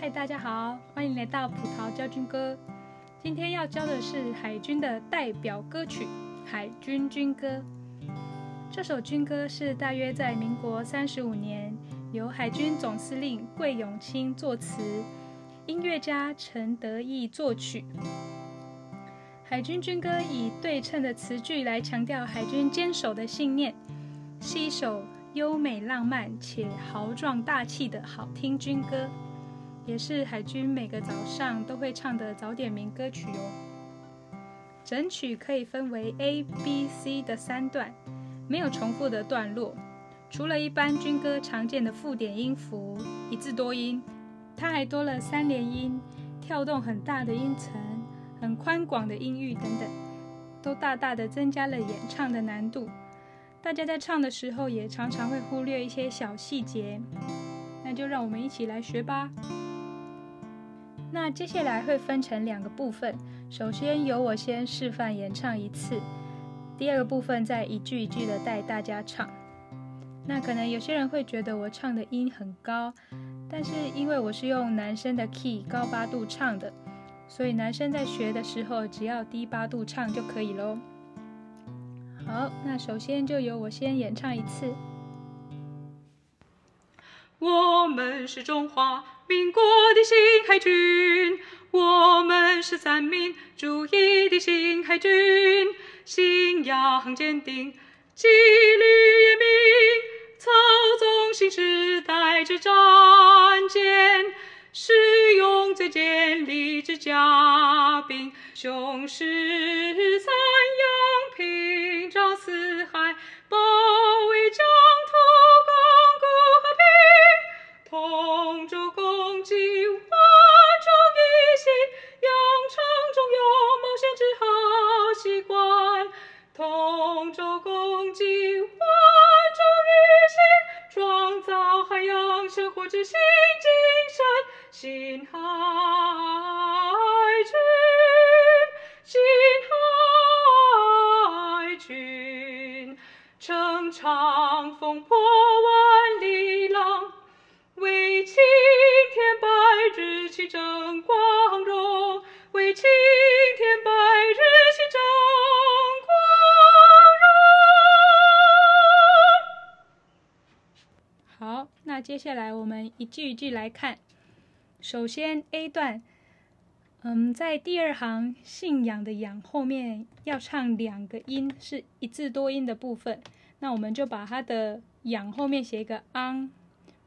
嗨，大家好，歡迎來到葡萄教軍歌。今天要教的是海軍的代表歌曲《海軍軍歌》。這首軍歌是大約在民國三十五年，由海軍總司令桂永清作詞，音樂家陳德義作曲。海軍軍歌以對稱的詞句來強調海軍堅守的信念，是一首優美浪漫且豪壯大氣的好聽軍歌，也是海軍每個早上都會唱的早點名歌曲哦。整曲可以分為 A、B、C 的三段，沒有重複的段落。除了一般軍歌常見的附點音符、一字多音，它還多了三連音、跳動很大的音程。很寬廣的音域等等，都大大的增加了演唱的難度。大家在唱的時候也常常會忽略一些小細節。那就讓我們一起來學吧。那接下來會分成兩個部分，首先由我先示範演唱一次，第二個部分再一句一句的帶大家唱。那可能有些人會覺得我唱的音很高，但是因為我是用男生的 key 高八度唱的。所以男生在學的時候，只要低八度唱就可以嘍。好，那首先就由我先演唱一次。我們是中華民國的新海軍，我們是三民主義的新海軍，信仰堅定，紀律嚴明，操縱新時代之戰艦使用最堅利之甲兵，雄視三洋，屏障四海，保衛疆土，鞏固和平，同舟共濟，萬眾一心，養成忠勇冒險之好習慣，同舟共軍乘長風破萬里浪，為青天白日旗爭光榮，為青天白日旗爭光榮。好，那接下來我們一句一句來看，首先 A 段。嗯，在第二行信仰的仰後面要唱兩個音，是一字多音的部分。那我們就把它的仰後面寫一個昂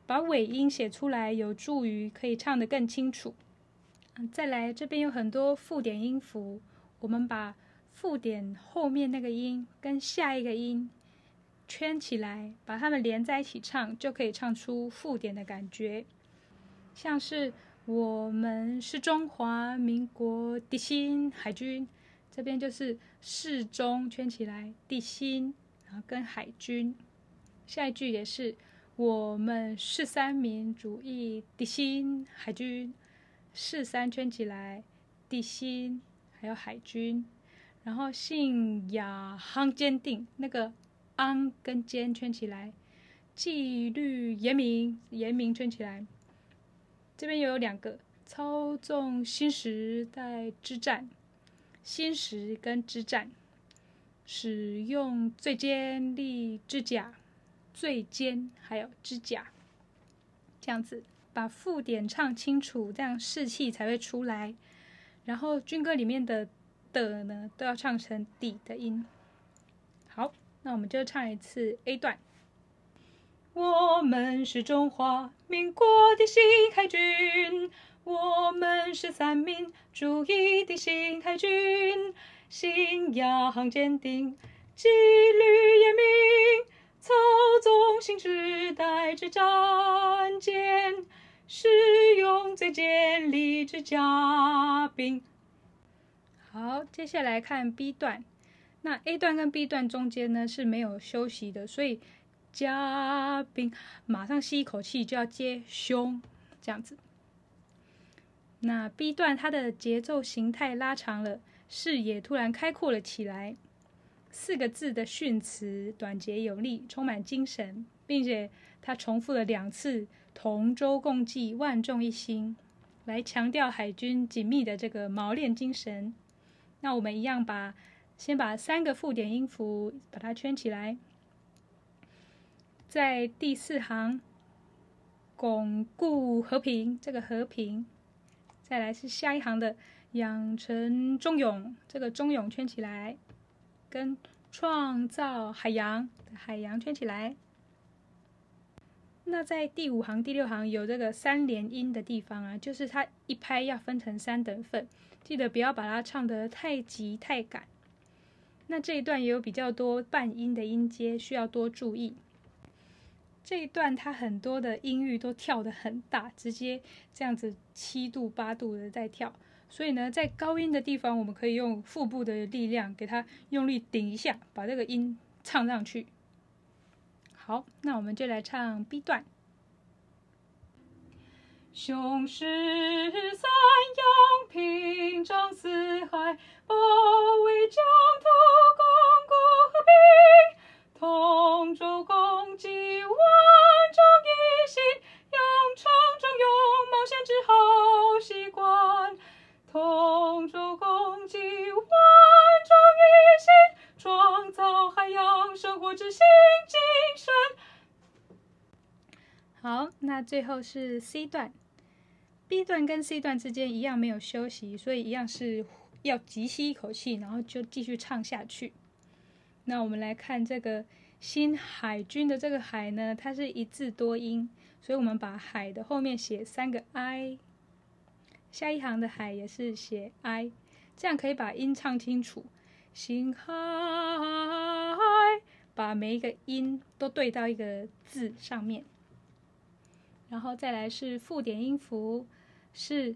把尾音寫出來，有助於可以唱得更清楚。嗯，再來，這邊有很多附點音符，我們把附點後面那個音跟下一個音圈起來，把它們連在一起唱，就可以唱出附點的感覺，像是。我們是中華民國的新海軍。這邊就是是中圈起來的新、然後跟海軍。下一句也是，我們是三民主義的新海軍，是三圈起來的新、還有海軍。然後信仰堅定，那個安跟堅圈起來，紀律嚴明，嚴明圈起來。這邊又有兩個操縱新時代之戰，新時跟之戰，使用最堅力之甲，最堅還有之甲，這樣子把附點唱清楚，這樣士氣才會出來。然後軍歌裡面的的呢，都要唱成底的音。好，那我們就唱一次 A 段。我們是中華，民國的新海軍，我們是三民主義的新海軍，信仰堅定，紀律嚴明，操縱新時代之戰艦，使用最堅力之甲兵。好，接下來看 B 段，那 A 段跟 B 段中間呢是沒有休息的，所以，嘉賓馬上吸一口氣，就要接胸這樣子。那 B 段它的節奏形態拉長了，視野突然開闊了起來。四個字的訓詞，短捷有力，充滿精神，並且它重複了兩次“同舟共濟，萬眾一心”，來強調海軍緊密的這個錨鏈精神。那我們一樣把先把三個附點音符把它圈起來。在第四行，鞏固和平，這個和平，再來是下一行的養成忠勇，這個忠勇圈起來，跟創造海洋，海洋圈起來。那在第五行、第六行有這個三連音的地方啊，就是它一拍要分成三等份，記得不要把它唱得太急太趕。那這一段也有比較多半音的音階，需要多注意。這一段它很多的音域都跳得很大，直接這樣子七度八度的在跳，所以呢，在高音的地方，我們可以用腹部的力量給它用力頂一下，把這個音唱上去。好，那我們就來唱 B 段。雄視三洋創造海洋生活之新精神。好，那最後是 C 段，B 段跟 C 段之間一樣沒有休息，所以一樣是要急吸一口氣，然後就繼續唱下去。那我們來看這個新海軍的這個海呢，它是一字多音，所以我們把海的後面寫三個 i，下一行的海也是寫 i。這樣可以把音唱清楚。心海，把每一個音都對到一個字上面。然後再來是附點音符，是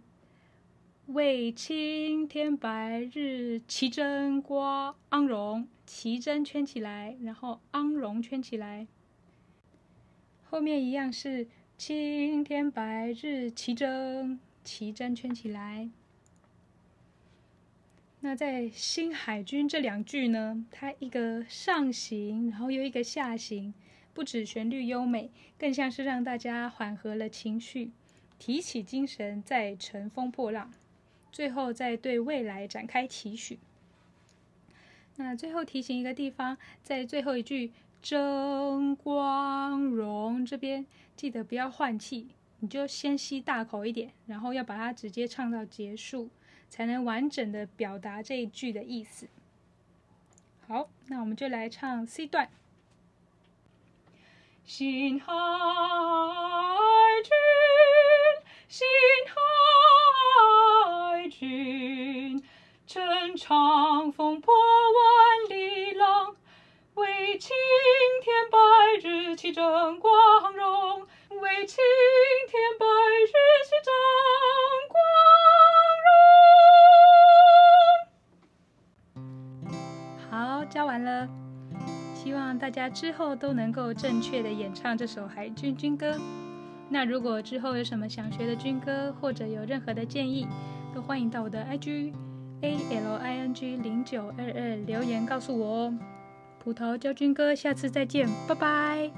為青天白日旗爭光榮，旗爭圈起來，然後光榮圈起來。後面一樣是青天白日旗爭旗爭圈起來。那在新海軍這兩句呢，它一個上行，然後又一個下行，不止旋律優美，更像是讓大家緩和了情緒，提起精神再乘風破浪，最後再對未來展開期許。那最後提醒一個地方，在最後一句爭光榮這邊，記得不要換氣，你就先吸大口一點，然後要把它直接唱到結束。才能完整的表達這一句的意思。好，那我們就來唱 C 段。新海軍，新海軍，乘長風破萬里浪，為青天白日旗爭光。完了，希望大家之後都能夠正確的演唱這首海軍軍歌。那如果之後有什麼想學的軍歌，或者有任何的建議，都歡迎到我的 IG A、L、I、N、G 零九二二留言告訴我哦。葡萄教軍歌，下次再見，拜拜。